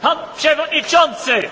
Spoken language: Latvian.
Pan Przewodniczący!